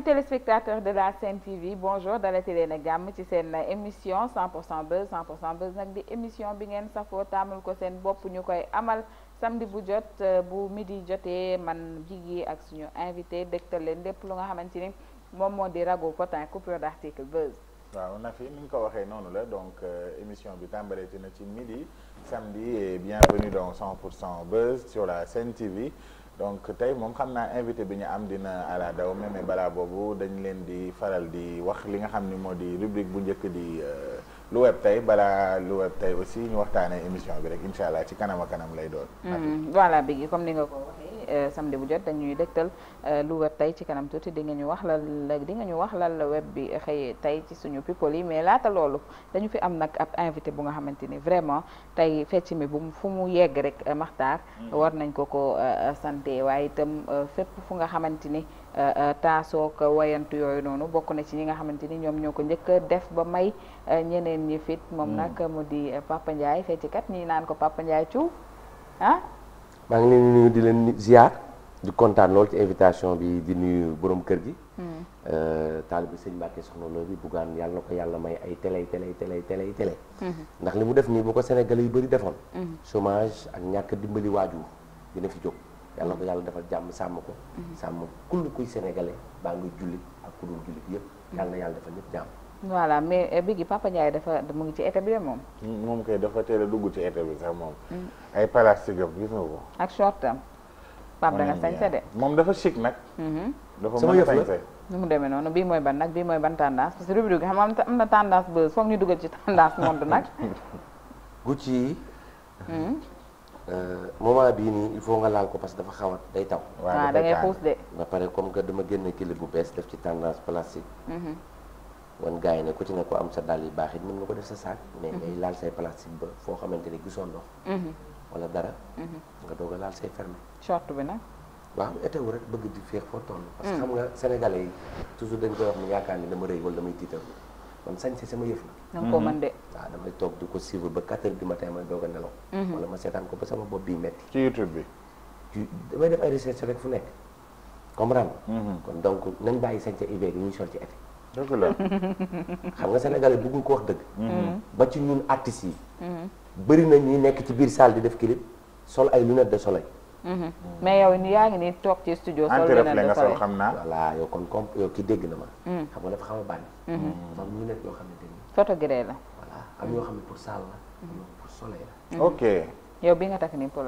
amis téléspectateurs de la Sen TV bonjour dalati leen ak jàmm ci seen émission 100% Buzz san Buzz nag di émission bi ngeen safoo taamul ko seen bopp ñu koy amal samedi bu jot euh, bu midi jotee man jigi ak suñu invité dégtal leen lépp lu nga xamante ni moom moo di rago potin coupure d'article Buzz. waaw na fi ni nga ko waxee noonu la donc euh, émission bi tàmbaleeti na ci midi samedi don bienvenue pour 100% Buzz sur la Sen TV. donc tey moom xam naa invité bi ñu am dina Alla Dawme mais balaa boobu dañ leen di faral di wax li nga xam ni moo di rubrique bu njëkk di euh, lu web tey balaa lu web tey aussi ñu waxtaanee émission bi rek incha allah ci kanam kanam lay doon. Hmm, voilà bi comme ni nga ko waxee. Euh, samedi bu jot dañuy dégtal euh, lu web tey ci kanam tuuti di nga ñu wax lal di nga ñu wax lal web bi xëyee tey ci suñu people yi mais laata loolu dañu fi am nag ab invité bu nga xamante ni vraiment tey fecc mi bu fu mu yegg rek euh, maxtaar mm-hmm. war nañ ko ko sante waaye itam fépp fu nga xamante ni taasoo ko wayantu yooyu noonu bokk na ci ñi nga xamante ni ñoom ñoo ko njëkk def ba may ñeneen ñi fit moom mm. nag mu di Papa Ndiaye feccikat ñi naan ko Papa Ndiaye Thiou ah maa ngi leen di nuyu di leen ziar di kontaan lool ci invitation bi di nuyu borom kër gi. Hmm. Euh, taalibe sëñ Mbacke soxna Lo bi buggaan yàlla na ko yàlla may ay télé télé télé télé télé. Hmm. ndax li mu def nii bu ko Sénégalais yu bëri defoon. Hmm. chômage ak ñàkk dimbali waajur dina fi jóg. yàlla ko yàlla defal jàmm sàmm ko. sàmm kull kuy sénégalais baa ngi jullit ak ku dul jullit yëpp. yàlla na yàlla defal ñëpp jàmm. voilà mais eh, Biggi Papa Ndiaye dafa mu ngi ci été bi moom. moom kay dafa teel a dugg ci été bi sax moom. Mm. ay plastique am gis nga ko. ak shortam. Pape da nga sañse de. moom dafa chic nag. Mm-hmm. dafa mën a nu mu demee noonu bii mooy ban nag bii mooy ban tendance parce que rubrique xam nga am na tendance ba foog ñu dugal ci tendance monde nag. Gucci yi. Mm. Euh, moment bii nii il faut nga laal ko parce que dafa xaw a day taw. Ah, waaw dangay ngay xuus de. ba pare comme que dama génne kili bu bees def ci tendance plastique. Mm-hmm. wan gars yi ne ku ci nekk ko am sa dàll yu baax it mën nga ko def sa saak mais ngay mhm. laal say plastique ba foo xamante ne gisoo ndox mhm. wala dara mhm. nga doog a laal say fermé short bi nag waaw étawu rek bëgg di féex foo toll parce que xam nga sénégalais yi toujours dañ koy wax ni yaakaar ni dama rëy wala damay tiital man sañ si sama yëf la danga ko mën de waaw damay toog di ko suivre ba 4 heures du matin may doog a nelaw wala ma seetaan ko ba sama bopp bi sa hiver yi ñuy dëgg la xam nga sénégalais bëggul ko wax dëgg. Mm-hmm. ba ci ñun artistes yi. Mm-hmm. bëri na ñuy nekk ci biir salle di def clip sol ay lunettes de soleil. Mm-hmm. mais yow yaa ngi nii toog ci studio. sol lunette de soleil xam naa. voilà yow kon comme yow ki dégg na ma. Mm. xam nga dafa xam a bànn. dafa am lunette la. ok. yow bi nga takk nii pour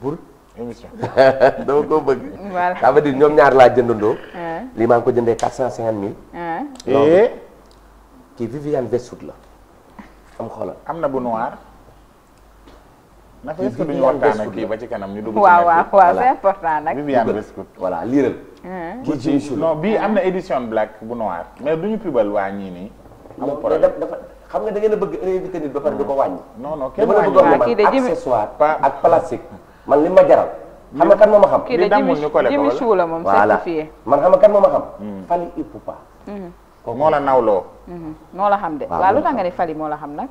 pour. émission dama koo bëgg. voilà ça ñoom ñaar laa jëndandoo. Ah. lii maa ngi ko jëndee quatre cent cinquante mille. Ah. et. kii Viviane Vessoud la. am xoolal am na bu noir. na fa est-ce que duñu waxtaan ak kii ba ci kanam ñu dugg. waaw waaw waaw c'est important nag. Viviane Vessoud voilà ah. ci incha non bii am na édition black bu noir mais duñu pubal waa ñii nii. amul problème dafa xam nga da ngeen a bëgg invité nit ba pare du ko wàññi. non non kenn wàññi waaw kii de jëm accessoire ak plastique. man li ma jaral. xam nga a moo xam. kii de Jimmy Chou la moom certifié man xam nga kan moo ma xam. Hmm. Fally Ipupa. Hmm. kooku moo la nawloo. Hmm. moo la xam de waaw lu tax nga ne Fally moo la xam nag.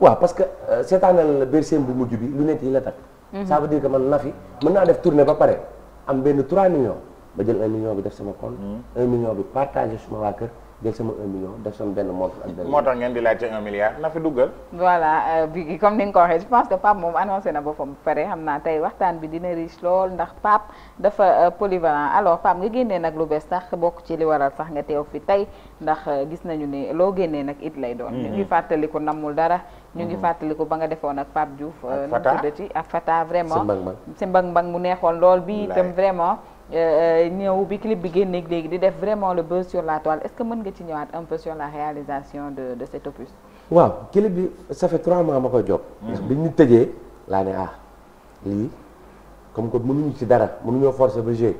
waaw parce que euh, seetaanal berseem bu mujj bi lu nekk yi la takk. ça veut dire man Nafi mën naa def tournée ba pare am benn 3 millions ba jël 1 million bi def sama compte. 1 million bi partagé suma waa kër. jël sama 1 million sama benn montre ak benn. moo tax ngeen di laajte 1 milliard na fi duggal. voilà euh, bi comme ni nga ko waxee je pense que Pape moom annoncé na boppam pare xam naa tey waxtaan bi dina riche lool ndax Pape dafa euh, polyvalent alors Pape nga génnee nag lu bees sax bokk ci li waral sax nga teew fi tey ndax euh, gis nañu ne loo génnee nag it lay doon. ñu ngi mm-hmm. fàttaliku namul dara. ñu ngi mm-hmm. fàttaliku ba nga defoon ak Pape Diouf. ak Fata nu mu tuddati ak Fata vraiment. si mbang mu neexoon lool vraiment. ñëw euh, bi clip bi génneek léegi di def vraiment le buzz sur la toile est-ce que mën nga ci ñëwaat un peu sur la réalisation de de cet opus. waaw clip bi ça fait trois mois ma koy jóg. Mm. bi ñu tëjee laa ne ah lii comme que mënuñu ci dara mënuñoo forcer ba jouer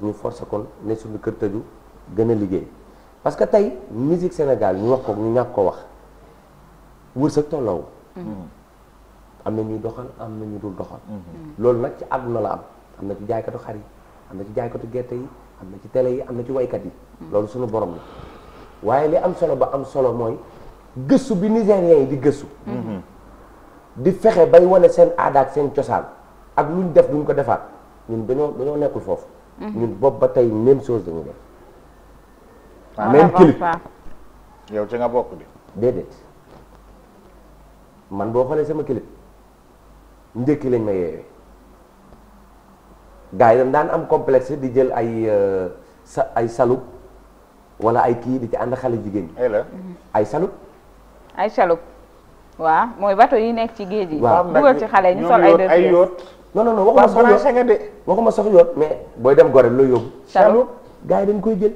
ñu forcer kon ne suñu kër tëju gën a liggéey parce que tey musique Sénégal ñu wax ko ñu ñàkk ko wax wërsëg tolloo mm. am na ñuy doxal am na ñu dul doxal. Mm-hmm. loolu nag ci àdduna la am am na ci jaaykatu xar yi am na ci jaaykatu gerte yi am na ci télé yi am na ci waykat yi loolu sunu borom la waaye li am solo ba am solo mooy gëstu bi nigériens yi di gëstu mhm. di fexe bay wane seen aada seen cosaan ak luñ def duñ ko defaat ñun dañoo dañoo nekkul foofu mhm. ñun bopp ba tey même chose dañu def même clip yow ci nga bokk bi déedéet man boo xoolee sama clip ndékki lañ ma yeewee gars yi dañ daan am complexe di jël ay euh, sa ay salup wala ay kii di ci ànd xale jigéen ñi. ay salup. ay salup waaw mooy bato yi nekk ci géej yi. waaw dugal ci xale ñu sol ay dër ay yoot. non non non waxuma sax yoot waxuma sax mais booy dem gore looy yóbbu. salup gars yi dañ koy jël.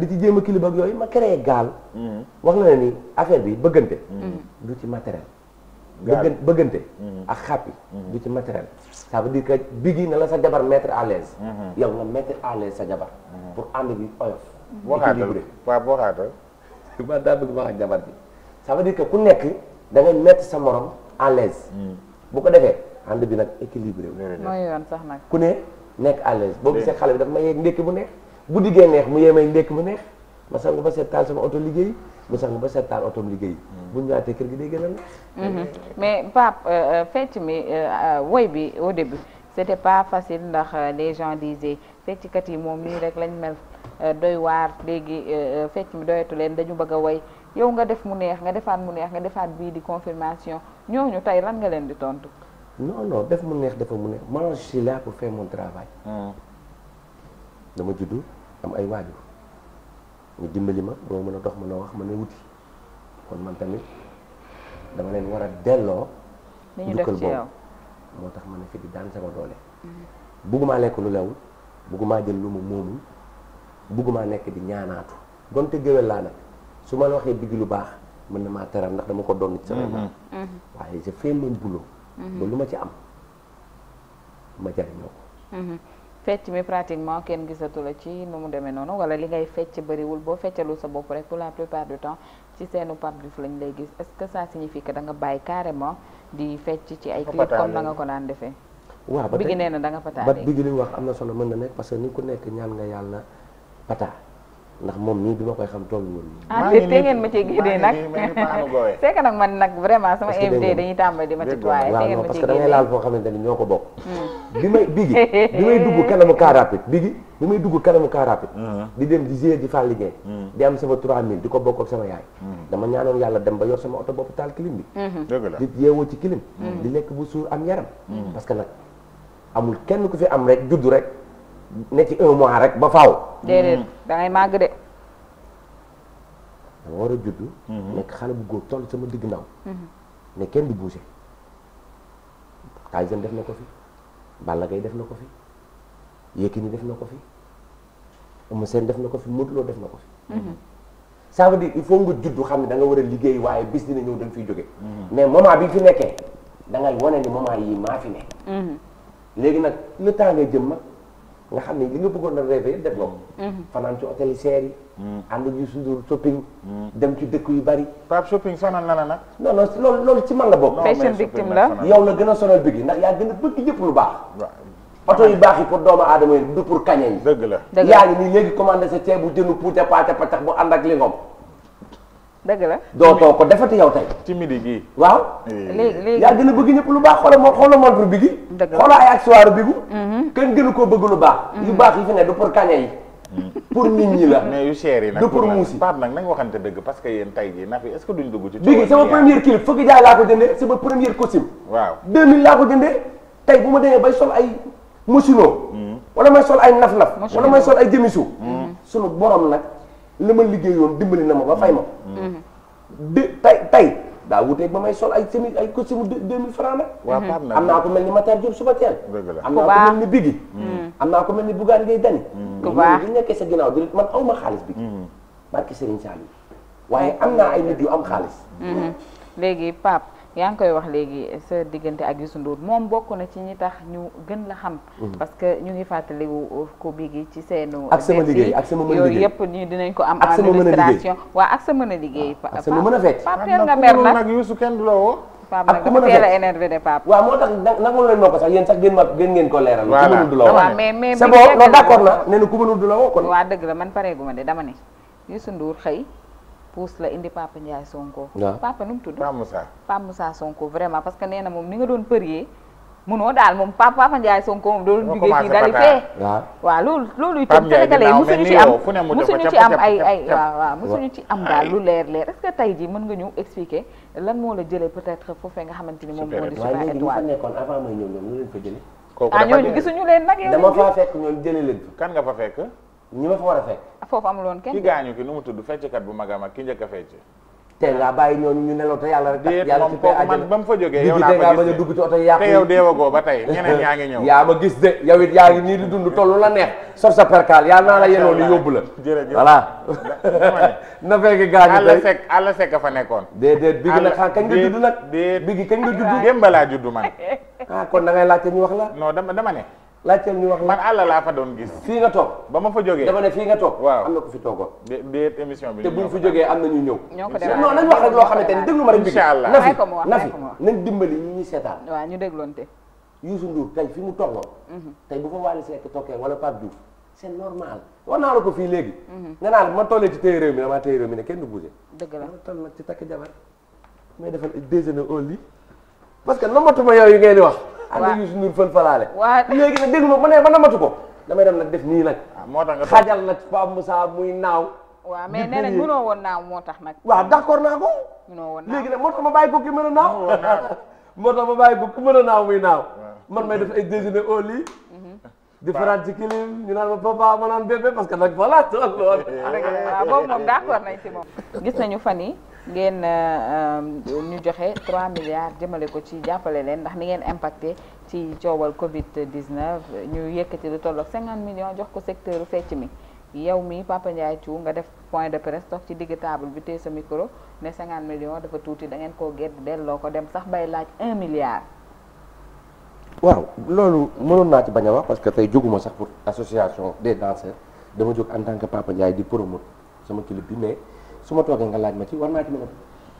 di ci jéem a kiliba ak yooyu ma créé gaal. Mm-hmm. wax na ne ni affaire bi bëggante. Mm-hmm. du ci matériel. bëggante mm-hmm. ak xàppi mm-hmm. du ci matériel ça veut dire que na la sa jabar mettre à mm-hmm. yow nga mettre à sa jabar pour ànd bi oyof équilibré waaw boo xaatal man daa bëgg wax ak jabar bi ça veut ku nekk da ngay mettre sa morom à l'aise mm. ko defee ànd bi nag équilibré mooy yoon sax nag ku ne nekk à l'aise boo gisee xale bi daf bu neex bu diggee neex mu yemee ndékki bu neex ma sangu ba seet taal sama oto liggéey nga sang ba set taal otoom liggéey. bu ñu ñëwaatee kër gi day gën a la. Mhm. mais Pape euh, euh, fecc mi euh, woy bi au début c'était pas facile ndax les gens disaient fecckat yi moom nii rek lañ mel doy waar léegi fecc mi doyatu leen dañu bëgg a woy yow nga def mu neex nga defaat mu neex nga defaat bii di confirmation ñooñu tey lan nga leen di tontu. non def mu neex dafa mu neex moi je suis là pour faire mon travail. Hmm. dama juddu am ay waajur. ñu dimbali ma ba ma mën a dox ma a wax mën a wuti kon man tamit dama leen war a delloo. njukkal boobu moo tax ma ne fi di daan sama doole. Mm-hmm. buggumaa lekk lu lewul buggumaa jël lu ma moomul buggumaa nekk di ñaanaatu donte géwél laa nag su ma la waxee digg lu baax mën na maa teral ndax dama ko doon sa sama maam mm-hmm. waaye je fais mon boulot mm-hmm. ba lu ma ci am ma jariñoo ko fecc mi pratiquement kenn gisatu la ci nu mu demee noonu wala li ngay fecc bëriwul boo feccalu sa bopp rek pour la plupart du temps ci seenu Pape Diouf lañ lay gis est-ce que ça signifie que da nga bàyyi carrément di fecc ci ay clip comme na nga ko daan defee waaw ba bigi nee na da nga pataa ba bigi li wax am na solo mën na nekk parce que ni ku nekk ñaan nga yàlla pataa ndax moom nii bi ma koy xam toll woon ah, nii. ngeen ma cee génnee nag c'est man nag vraiment sama invité dañuy tàmbali di ma tutoyer. ngeen ma cee génnee waaw non laal foo xamante ni ñoo ko bokk. Hmm. bi may bigi bi may dugg kanamu car rapide bi may dugg kanamu car rapide uh-huh. di dem di gérer di fàlli liggéey uh-huh. di am sama 3000 di ko bokk ak sama yaay uh-huh. dama ñaanoon yàlla dem ba yor sama oto bopp taal clim bi di yeewoo ci clim di lekk bu suur am yaram parce que nag amul kenn ku fi am rek juddu rek ne ci un mois rek ba faaw déedéet da ngay màgg de dama war a juddu nekk xale bu góor toll sama digg naaw ne kenn du bouger def na ko fi Balla Gaye def na ko fi Yékini def na ko fi Eumeu Sène def na ko fi Modou Lo def na ko fi. Mhm. ça di il faut nga juddu xam ne da nga war a liggéey waaye bis dina ñëw da nga fiy jóge. Mhm. mais moment bi fi nekkee da ngay wane ni moment yii maa fi nekk. Mhm. léegi nag le temps ngay jëm nag. nga xam ne li nga bëggoon a rêvé yëpp def nga ko. Mhm. fanaan ci hôtel yi seer yi. Mhm. ànd ñu suñu shopping. Mhm. dem ci dëkk yu bari. Pape shopping sonal na la nag. non loolu loolu ci man la bokk. fashion victime la yow la gën a sonal bëgg ndax yaa gën a bëgg yëpp lu baax. oto yu baax yi pour doomu aadama yi du pour kañe yi. dëgg la yaa ngi nii léegi commandé sa ceebu jënu puute paate patax bu ànd ak lingom dëgg la dootoo ko defati yow tey. ci midi gii. waaw. Eh. léegi léegi yaa gën a bëgg ñëpp lu baax xoola moo xoola montre bi gi. xoola ay accessoire bi gu. Mm-hmm. kenn gënu koo bëgg lu baax. Mm-hmm. yu baax yi fi ne du pour kaña yi. Mm-hmm. pour nit ñi la. mais yu cher yi nag du pour nag nañ waxante dëgg parce que yéen tey jii naaf yi est-ce que duñ dugg ci. bi gi sama première clip fukki jaay laa ko jëndee sama première costume. waaw 2000 laa ko jëndee tey bu ma demee bay sol ay mosulo. wala may sol ay naf-naf. mosulo wala may sol ay jëmisu. sunu li ma liggéeyoon dimbali na ma ba fay ma. di tay tay daa wuteeg ba may sol ay semis ay costume deux mille francs nag. waaw Pape nag am naa ku mel ni Matar Diop suba teel. Hmm. am naa ko mel ni Biggi. am naa ku mel ni Bougane Gueye Dany. Hmm. bu baax bu nekkee sa ginnaaw di man aw ma xaalis bi. Hmm. barki Serigne Saliou waaye am naa ay nit yu am xaalis. léegi Pape. yaa ngi koy wax léegi sa diggante ak Youssou Ndour moom bokk na ci ñi tax ñu gën la xam. Mhm. parce que ñu ngi fàttaliwu ko bii gi ci seenu. ak sama liggéey ak sama yooyu yëpp ñu dinañ ko am. ak sama mën a liggéey ak sa mën a liggéey. Ah, ak sama mën a fecc Pape teel nga mer nag Youssou kenn du la woo. ak ku mën a énervé de Pape. waaw moo tax nag ma leen ma ko sax yéen sax gën ma gën ngeen ko leeral. voilà ku mënul du la woo mais mais. c'est bon non d'accord na nee na ku mënul la kon. waaw dëgg la man pareegu ma de dama ne Youssou Ndour xëy puus la indi Papa Ndiaye Sonko. papa nu mu tudd. Papa Moussa Papa Moussa Sonko vraiment parce que nee na moom ni nga doon përiyee. munoo daal moom Papa Papa Sonko moom doon jugee fii dali fee. ci am musuñu ay ay waaw waaw musuñu ci am daal lu leer leer est que tey jii mën nga ñu expliquer lan moo la jëlee peut-être foofee nga xamante moom di super étoile waaye nekkoon avant may ñëw ñoom ñu leen fa jëlee. kooku ah, dafa leen nag yow dama fa leen kan nga fa ñu ma fa war a fekk. foofu am woon kenn ki gaañu ki nu mu tudd fecckat bu mag a mag ki njëkk a fecc. te nga bàyyi ñooñu ñu nelaw te yàlla rek. yàlla ci kooku man ba mu fa jógee yow naa ma gis dugg ci oto yàqu te yow deewagoo ba tey ñeneen yaa ngi ñëw. yaa ma gis de yow yaa ngi nii di dund tollu la neex sor sa perkaal yàlla naa la yenoo yóbbu la. jërëjëf voilà. na fekk gaañu tey àll sekk àll fa nekkoon. déedéet bi gi nag xaa kañ nga judd nag. déet kañ nga judd. démb balaa judd man. Ah, kon da ngay laajte ñu wax la. non dama dama ne. laajteel ñu wax man laa fa doon gis. fii nga toog ba ma fa jógee dama ne fii nga toog. waaw am na ku fi toogoon. déet émission bi fi jógee am na ñu ñëw. ñoo ko demee non nañ wax rek loo xamante ni déglu ma rek. incha allah nafi nafi nañ dimbali ñi ñuy seetaan. waaw ñu dégloonte. fi mu toogoon. Mhm. tey bu fa Wally Seck toogee wala Pape Diouf c'est normal wax naa la ko fii léegi. Mhm. nga naan ma tollee ci téye réew mi damaa téye réew mi ne kenn du bougé. la ma toll nag ci takk jabar may defal déjeuner au lit parce que nomatuma yow ngeen wax ànd ak Youssou Ndour fël falaale léegi nag dégg ma ma ne ma namatu ko damay dem nag def nii nag ah, moo tax nga xajal nag Pape Moussa muy naaw waaw mais nee nañ woon naaw moo tax nag waaw d'accord naa ko mënoo woon naaw léegi nag moo tax ma bàyyi ko ki mën a naaw moo tax ma bàyyi ko ki mën a naaw muy naaw man may def ay déjeuner au lit mhm. di faral ci kilim ñu naan ma papa ma naan bébé parce que nag voilà loolu waaw boobu moom d'accord nañ ci moom gis nañu fan yi ngeen euh, euh, ñu joxe 3 milliards jëmale ko ci jàppale leen ndax ni ngeen impacté ci coowal Covid 19 ñu yëkkati lu tolloog 50 millions jox ko secteur fecc mi yow mi Papa Ndiaye Thiou nga def point de presse toog ci digg table bi téye sa micro ne 50 millions dafa tuuti da ngeen koo gedd delloo ko dem sax bay laaj un milliard. waaw loolu mënoon naa ci bañ a wax parce que tey jóguma sax pour association des danseurs dama jóg en tant que Papa Ndiaye di promouvoir sama clip bi mais. su ma toogee nga laaj ma ci war naa ci mën a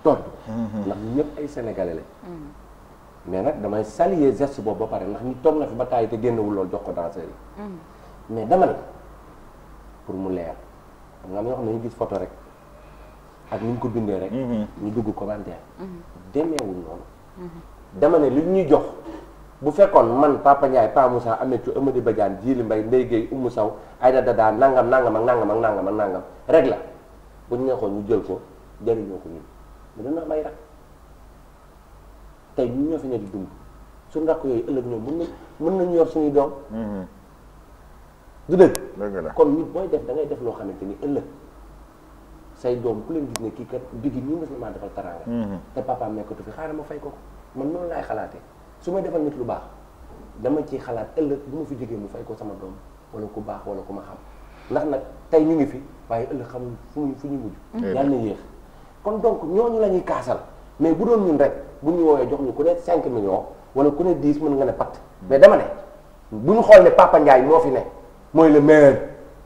tontu mm-hmm. ndax ñëpp ay sénégalais la mm. mais nag damay saluer geste boobu ba pare ndax ñi toog na fi ba taay te génnewul loolu jox ko danseur yi mm. mais dama ne pour mu leer xam nga ñoo xam ne gis photo rek ak ni ñu ko bindee rek mm-hmm. ñu dugg commentaire mm-hmm. demeewul noonu dama ne ñuy jox bu fekkoon man Papa Ndiaye Pa Moussa Amethou Amady Badiane Djily Mbaye Ndeye Gueye Oumou saw Aïda Dada nangam nangam ak nangam ak nangam ak nangam rek la bu neexoon ñu jël ko jariñoo ko ñun mais dana bay ay rak tey ñun ñoo fi ne di dund suñu rakk yooyu ëllëg ñoom mën nañ nañu yor suñuy doom. du dëgg. kon nit booy def da ngay def loo xamante ni ëllëg say doom ku leen gis ne kii kat bigi nii mos na maa defal taraanga. te papaam nekkatu fi xaaral ma fay ko ko man noonu laay xalaatee su ma defal nit lu baax dama ciy xalaat ëllëg bu ma fi jógee mu fay ko sama doom wala ku baax wala ku ma xam. ndax nag tey ñu ngi fi waaye ëllëg xamul fu ñu fu ñu mujj. yàlla na yéex kon donc ñooñu la ñuy kaasal mais bu doon ñun rek bu ñu woowee jox ñu ku ne cinq million wala ku ne 10 mën nga ne pat mais dama ne bu ñu xool ne Papa moo fi ne mooy le meilleur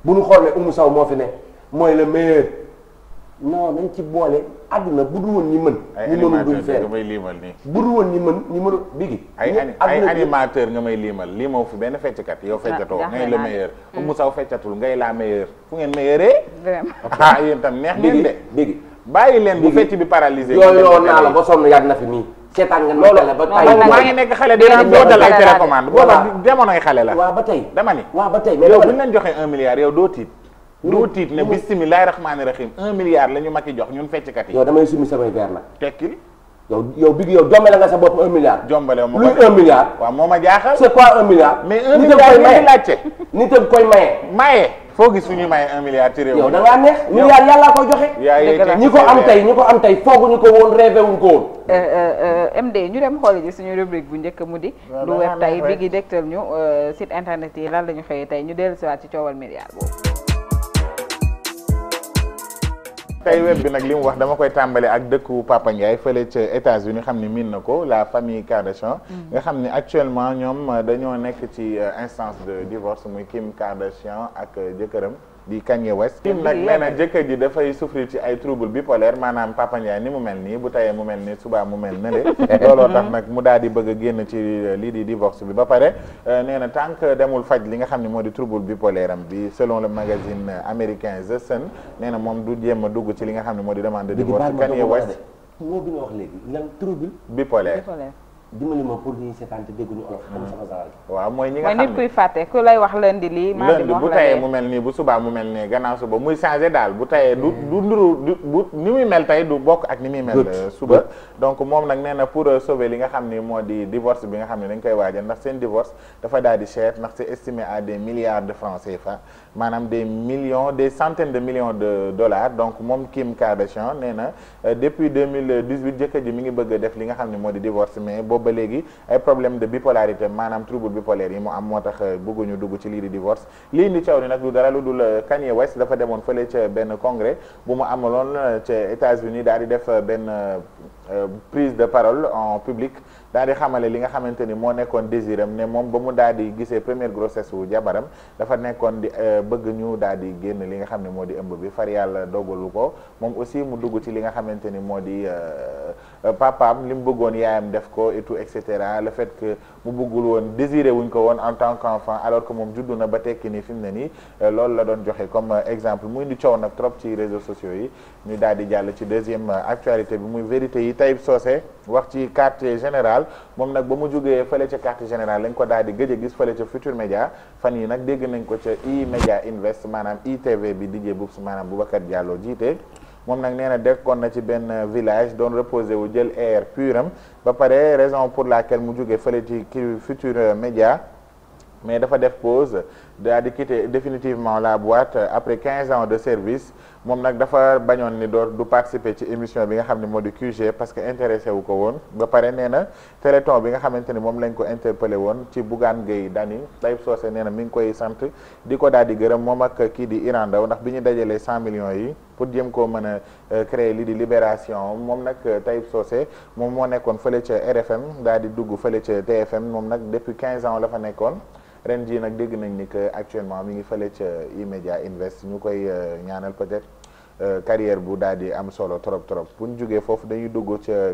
bu ñu xool ne Oumou Sow moo fi ne mooy le meilleur. non nañ ci boole àdduna bu dul woon ñi mën. ñi mënul duñ fee bu dul ñi mën ñi mënul bigi ay animateur nga may liimal liimaw fi benn fecckat yow feccatoo ngay la mu saw feccatul ngay la meilleur fu ngeen meilleuree ah yéen tam neex ngeen de bigi bàyyi leen bu fecc bi paralysé yooyu loolu naa la ba sonn yàgg na fi nii seetaan nga loolu ba tey nekk xale dina doo dalay ci recommande booba xale la waaw ba tey dama ni waaw ba tey yow buñ leen joxee un milliard yow doo tiit doo tiit ne bisimilahi rahmaani rahim un milliard la ñu Macky jox ñun fecckat yi. yow damay summi samay verre nag. tekkil. yow yow bi yow jombale nga sa bopp un milliard. jombale wu ma ko moo ma jaaxal. c'est quoi un milliard. a maye. foo gis fu ñuy maye un milliard ci réew mi. yow da koy joxe. ñi ko am tey ñi ko am tey fooguñu ko woon rêvé wuñ ko woon. Euh, euh, euh, MD ñu dem xool ji suñu rubrique bu njëkk mu di. lu web tey bi gi dégtal ñu site internet yi lan la ñu xëyee tey ñu dellusiwaat ci coowal milliard boobu. tey web bi nag li mu wax dama koy tàmbale ak dëkku Papa Ndiaye fële ca États-Unis xam ni miin na ko la famille Kardashian mm. nga xam ni actuellement ñoom dañoo nekk ci euh, instance de divorce muy Kim Kardashian ak euh, jëkkëram di Kanye West. nag nee na jëkkër ji dafay souffrir ci ay trouble bipolaire maanaam Papa Ndiaye ni mu mel nii bu tayee mu mel nii subaa mu mel nële looloo tax nag mu daal di bëgg a génn ci euh, lii di divorce bi ba pare euh, nee na tant que demul faj li nga xam ne moo di trouble bipolaire am bi selon le magazine américain The Sun nee na moom du jéem a dugg ci li nga xam ne moo di demande de divorce Kanye West moo bi nga wax léegi lan trouble bipolaire dimbali ma pour ñuy seetaan te dégguñu olof. comme hmm. sama zaral waaw mooy ñi nga xam ne nit kuy fàtte ku lay wax lundi lii. maa di wax bu mu mel nii bu subaa mu mel nii gannaaw suba muy changé daal bu tayee du hmm. du nduru bu ni muy mel tey du bokk ak ni muy mel. Euh, suba donc moom nag nee na pour euh, sauver li nga xam ni moo di divorce bi nga xam ne dañ koy waajal ndax seen divorce dafa daal di cher ndax c'est estimé à des milliards de francs CFA maanaam des million des centaines de millions de dollars donc moom Kim Kardashian nee na euh, depuis 2018 jëkkër ji mi ngi bëgg def li nga xam ne moo di divorce mais ba léegi ay problème de bipolarité maanaam trouble bipolaire yi mu am moo tax euh, bëgguñu dugg ci lii di divorce lii indi coow ni nag du dara lu dul euh, Kanye West dafa demoon fële ca benn congrès bu mu am amaloon euh, ca États-Unis daal di def benn Euh, prise de parole en public daal di xamale li nga xamante ni moo nekkoon désiram ne moom ba mu daal di gisee première grossesse wu jabaram dafa nekkoon di euh, bëgg ñu daal di génn li nga xam ne moo di ëmb bi far yàlla dogalu ko moom aussi mu dugg ci li nga xamante ni moo di euh, papaam li mu bëggoon yaayam def ko et tout cetera le fait que mu bëggul woon désiré wuñ ko woon en tant qu'enfant alors que moom juddu na ba tekki ni fi mu ne nii euh, loolu la doon joxe comme euh, exemple muy di coow nag trop ci réseaux sociaux yi ñu daal di jàll ci deuxième euh, actualité bi muy vérité yi Taïb Socé wax ci quartier général moom nag ba mu jógee fële ca quartier général lañ ko daal di gëj gis fële ca Futur Média fan yi nag dégg nañ ko ca i Média Invest maanaam ITV bi DJ Boubs maanaam Boubacar Diallo jiite moom nag nee na dekkoon na ci benn village doon reposé wu jël air pur am ba pare raison pour laquelle mu jóge fële ci Futurs euh, Médias mais dafa def pose daa di quitter définitivement la boîte après 15 ans de service moom nag dafa bañoon ni door du participer ci émission bi nga xam ne moo di QG parce que intéressé wu ko woon ba pare nee na téléthon bi nga xamante ni moom lañ ko interpellé woon ci Bougane Gueye Dany Taïb Socé nee na mi ngi koy sant di ko daal di gërëm moom ak kii di Iran Ndao ndax bi ñu dajalee cent millions yi pour jëm koo mën a euh, créer lii di libération moom nag euh, Taïb Socé moom moo nekkoon fële ca RFM daal di dugg fële ca TFM moom nag depuis 15 ans la fa nekkoon ren jii nag dégg nañ ni que actuellement mu ngi fële ca E-Media Invest ñu koy euh, ñaanal peut-être euh, carrière bu daal di am solo trop trop pu ñu jógee foofu dañuy dugg ca.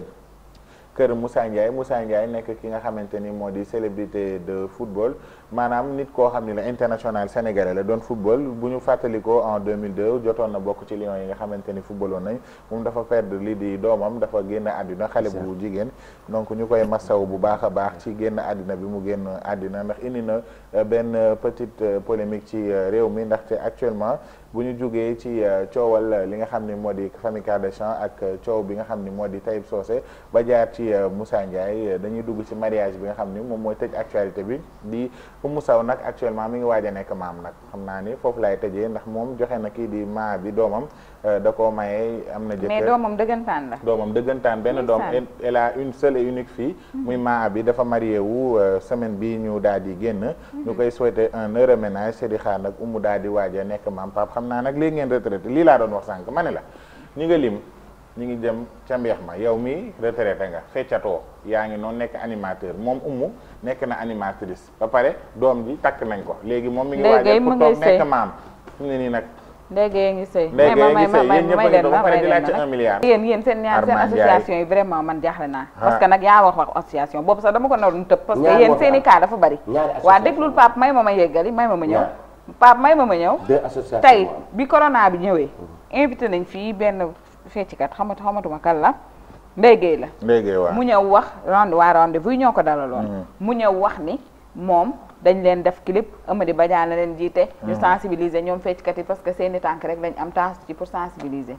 kër Moussa Ndiaye Moussa Ndiaye nekk ki nga xamante ni moo di célébrité de football maanaam nit koo xam ni la international sénégalais la doon football bu ñu fàttalikoo en 2002 jotoon na bokk ci Lions yi nga xamante ni footballoon nañ moom dafa perdre lii di doomam dafa génn àddina xale bu jigéen donc ñu koy massaw bu baax a baax ci génn àddina bi mu génn àddina ndax indi na euh, benn petite euh, polémique ci euh, réew mi ndaxte actuellement bu ñu jugee ci euh, coowal euh, li nga xam ni moo di famille Kardashian ak euh, coow bi nga xam ni moo di Taïb Socé ba jaar ci Moussa Ndiaye dañuy dugg ci mariage bi nga xam ni moom mooy tëj actualité bi di Oumou Sow nag actuellement mi ngi waaj a nekk maam nag xam naa ni foofu laay tëjee ndax moom joxe na kii di maa bi doomam Euh, da koo maye am na. jëkkër mais doomam dëggantaan la. doomam dëggantaan benn doom elle a une seule et unique fille. Mm-hmm. muy maa bi dafa marié wu euh, semaine bi ñu daal di génn. Mm-hmm. ñu koy souhaité un heureux ménage c'est di xaar nag umu daal di waaj nekk maam pap xam naa nag léegi ngeen retraité lii laa doon wax sànq ma ne la ñi nga lim. ñu ngi jëm ca mbeex ma yow mi retraité nga feccatoo yaa ngi noonu nekk animateur moom umu nekk na animatrice ba pare doom ji takk nañ ko léegi moom mi ngi waajal ku toog nii nag ndéggee ngi sëy ndéggee ngi sëy yéen ñëpp ngi doon ba pare di laajte un milliard yéen yéen seen ñaar seen association yi vraiment man jaaxle naa ah. may ma ma may ma ma ñëw Pape may ma ma ñëw tey bi corona bi ñëwee mm-hmm. invité nañ fii benn kat xamatu xamatuma kan la ndéggee la ndéggee waaw mu ñëw wax rend waa rendez-vous ñoo ko dalaloon mm-hmm. mu ñëw wax ni moom dañ leen def clip Amady Badiane la leen jiite. Mm-hmm. ñu sensibiliser ñoom fecckat yi parce que seen i tànk rek lañ am temps ci pour sensibiliser.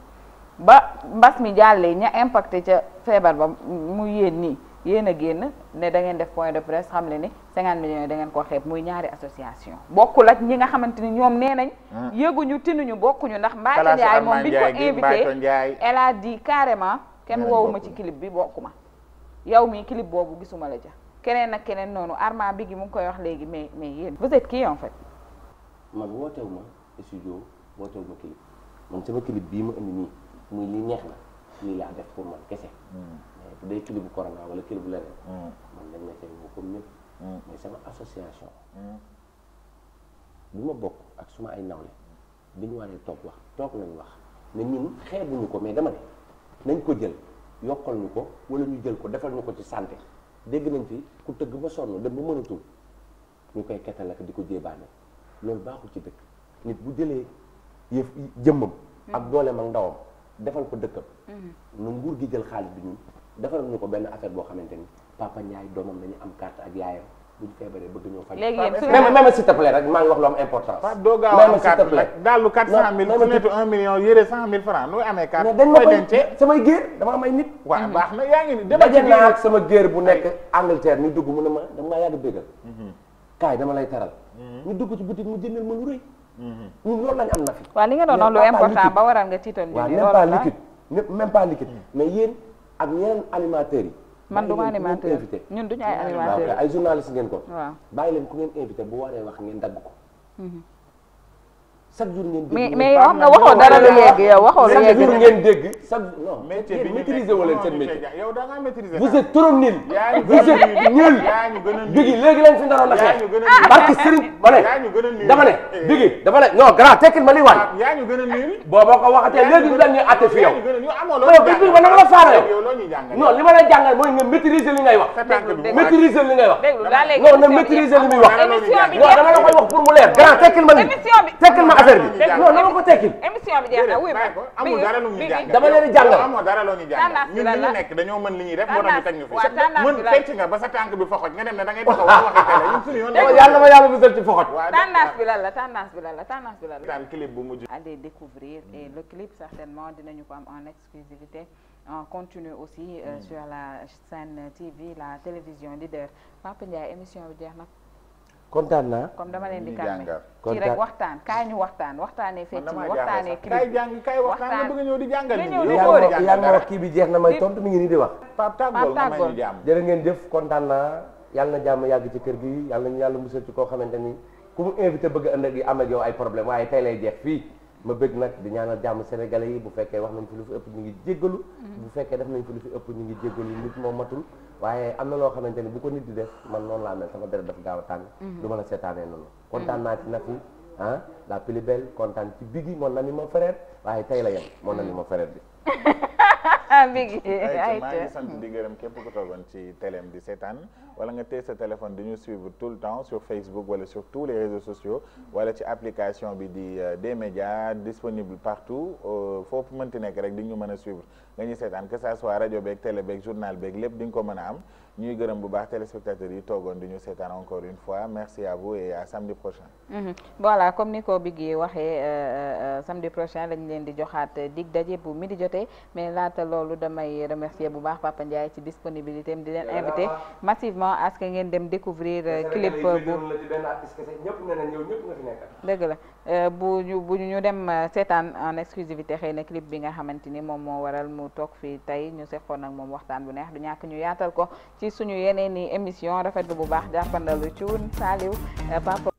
ba mbas mi jàllee ña impacté ca feebar ba mu yéen nii yéen a génn ne da ngeen def point de presse xam le ni 50 millions yi da ngeen ko xeeb muy ñaari association bokku ak ñi nga xamante ni ñoom nee nañ. Mm-hmm. yëguñu tinuñu bokkuñu ndax. Mbathio Ndiaye moom biñ ko invité elle a dit carrément kenn woowu ma ci clip bi bokkuma yow mii clip boobu gisuma la ca. keneen ak keneen noonu Arma bi gi mu ngi koy wax léegi mais mais yéen vous êtes qui en fait. man wootewu ma studio wootewu ma clip man sama clip bii ma indi nii muy li neex na lii laa def pour man kese. Hmm. mais bu dee wala clip hmm. dañ ma cee hmm. sama association. bi bokk ak suma ay nawle bi ñu waree toog wax toog nañu wax ne ñun xeebuñu ko mais dama ne nañ ko jël yokkal nu ko wala ñu jël ko defal ñu ko ci santé. dégg nañ fi ku tëgg ba sonn dem ba mënatul ñu koy ketal lakk di ko jéebaane loolu baaxul ci dëkk nit bu jëlee yëf jëmmam ak dooleem ak ndawam defal ko dëkkam mm-hmm. nu nguur gi jël xaalis bi ñun defal ñu ko benn affaire boo xamante ni papa Ndiaye doomam dañu am carte ak yaayam bu ñu feebaree bëgg ñoo faj. léegi yéen su même même s'il te plaît rek maa ngi wax lu am importance. waaw doo gaaw am carte daal lu 400000. non même si su 1 million yére 100000 francs nu amee carte. mais dañ ma koy samay géer dama am ay nit. waaw hmm. baax na yaa ngi ni dama ci naa ak sama géer bu nekk Angleterre ñu dugg mu ne ma dama yàgg bégal. Mhm. kaay dama lay taral. Mhm. ñu dugg ci boutique mu jëndal ma lu rëy. Mhm. ñun loolu lañ am na fi. waaw li nga doon wax lu important ba waral nga tiitoon. waaw même pas liquide même pas liquide mais yéen ak ñeneen animateurs yi man du ma animateur ñun duñu ay animateur ay journaliste ngeen ko. waaw bàyyi leen ku ngeen invité bu waree wax ngeen dagg chaque jour ngeen dégg. mais mais yow xam nga waxoo dara lu yegg yow waxoo lu yegg chaque jour ngeen dégg chaque non métier bi maîtriser wu leen seen métier. yow da ngaa maîtriser vous êtes trop nul. vous êtes nul. bigi léegi a xeex. Ah, barke ah, ma ne dama ne bigi eh. dama ne non grand tekkil ma li waay. Ah, yaa ñu gën a nul. boo boo ko waxatee léegi ñu dañ ñu àtte li nga maîtriser li ngay wax. maîtriser li ngay wax. non na maîtriser li muy wax. non dama la li tekkil affaire bi non na ma ko tekkil. émission bi jeex na wuy ma amul dara lu ñu jàngal dama leen di jàngal amoo dara lu ñu jàngal ñun li ñu nekk dañoo mën li ñuy def moo tax ñu teg ñu fi mën fecc nga ba sa tànk bi foxoj nga dem ne da ngay taxaw waxi télé ñun suñu yoon yàlla ma yàlla musal ci foxoj tendance bi lan la tendance bi lan la tendance bi lan la daan clip bu mujj allez découvrir et le clip certainement dinañu ko am en exclusivité en continu aussi euh, mm. sur la chaîne TV la télévision leader Papa Ndiaye émission bi jeex na kontaan naa comme dama leen di kàmme ci rek waxtaan kaay ñu waxtaan waxtaanee fecc mi waxtaanee kii kaay jàng kaay waxtaan nga ñëw di jàngal yaa nga wax kii bi jeex na may tontu mi ngi nii di wax Pape Tàggool nga may jàmm jërë ngeen jëf kontaan yàlla jàmm yàgg ci kër gi yàlla ñu yàlla musal ci koo xamante ni ku mu invité bëgg ëllëg yi am ak yow ay problème waaye tey lay jeex fii ma bëgg nag di ñaanal jàmm sénégalais yi bu fekkee wax nañ fi lu fi ëpp ñu ngi jéggalu mm-hmm. bu fekkee def nañ fi lu fi ëpp ñu ngi jéggalu nit moo matul waaye am na loo xamante ni bu ko nit di def man noonu laa mel sama deret daf gaaw a tàng mhm. du ma la seetaanee noonu mhm. kontaan naa ci Nafi ah la plus belle kontaan ci Biggi mon ami mon frère waaye tey la yem mon ami mon frère bi Biggi maa ngi sant di gërëm képp ku toogoon ci téléem di seetaan wala nga téye sa téléphone di ñu suivre tout le temps sur Facebook wala sur tous les réseaux sociaux wala ci application bi di euh, des médias disponible partout euh, foofu mënti nekk rek di ñu mën a suivre nga ñu seetaan que ça soit rajo beeg télé beeg journal beeg lépp di nga ko mën a am ñuy gërëm bu baax téléspectateurs yi toogoon di ñu seetaan encore une fois merci à vous et à samedi prochain. Mhm. voilà comme ni ko Biggi waxee euh, samedi prochain lañ leen di temps à que ngeen dem découvrir euh, clip bu dëgg la euh, bu ñu bu ñu dem euh, seetaan en exclusivité xëy clip bi nga xamante ni moom moo waral mu toog fii tey ñu seqoon ak moom waxtaan bu neex du ñàkk ñu yaatal ko ci suñu yeneen i émission rafetlu bu baax jàppandalu cuun saaliw papa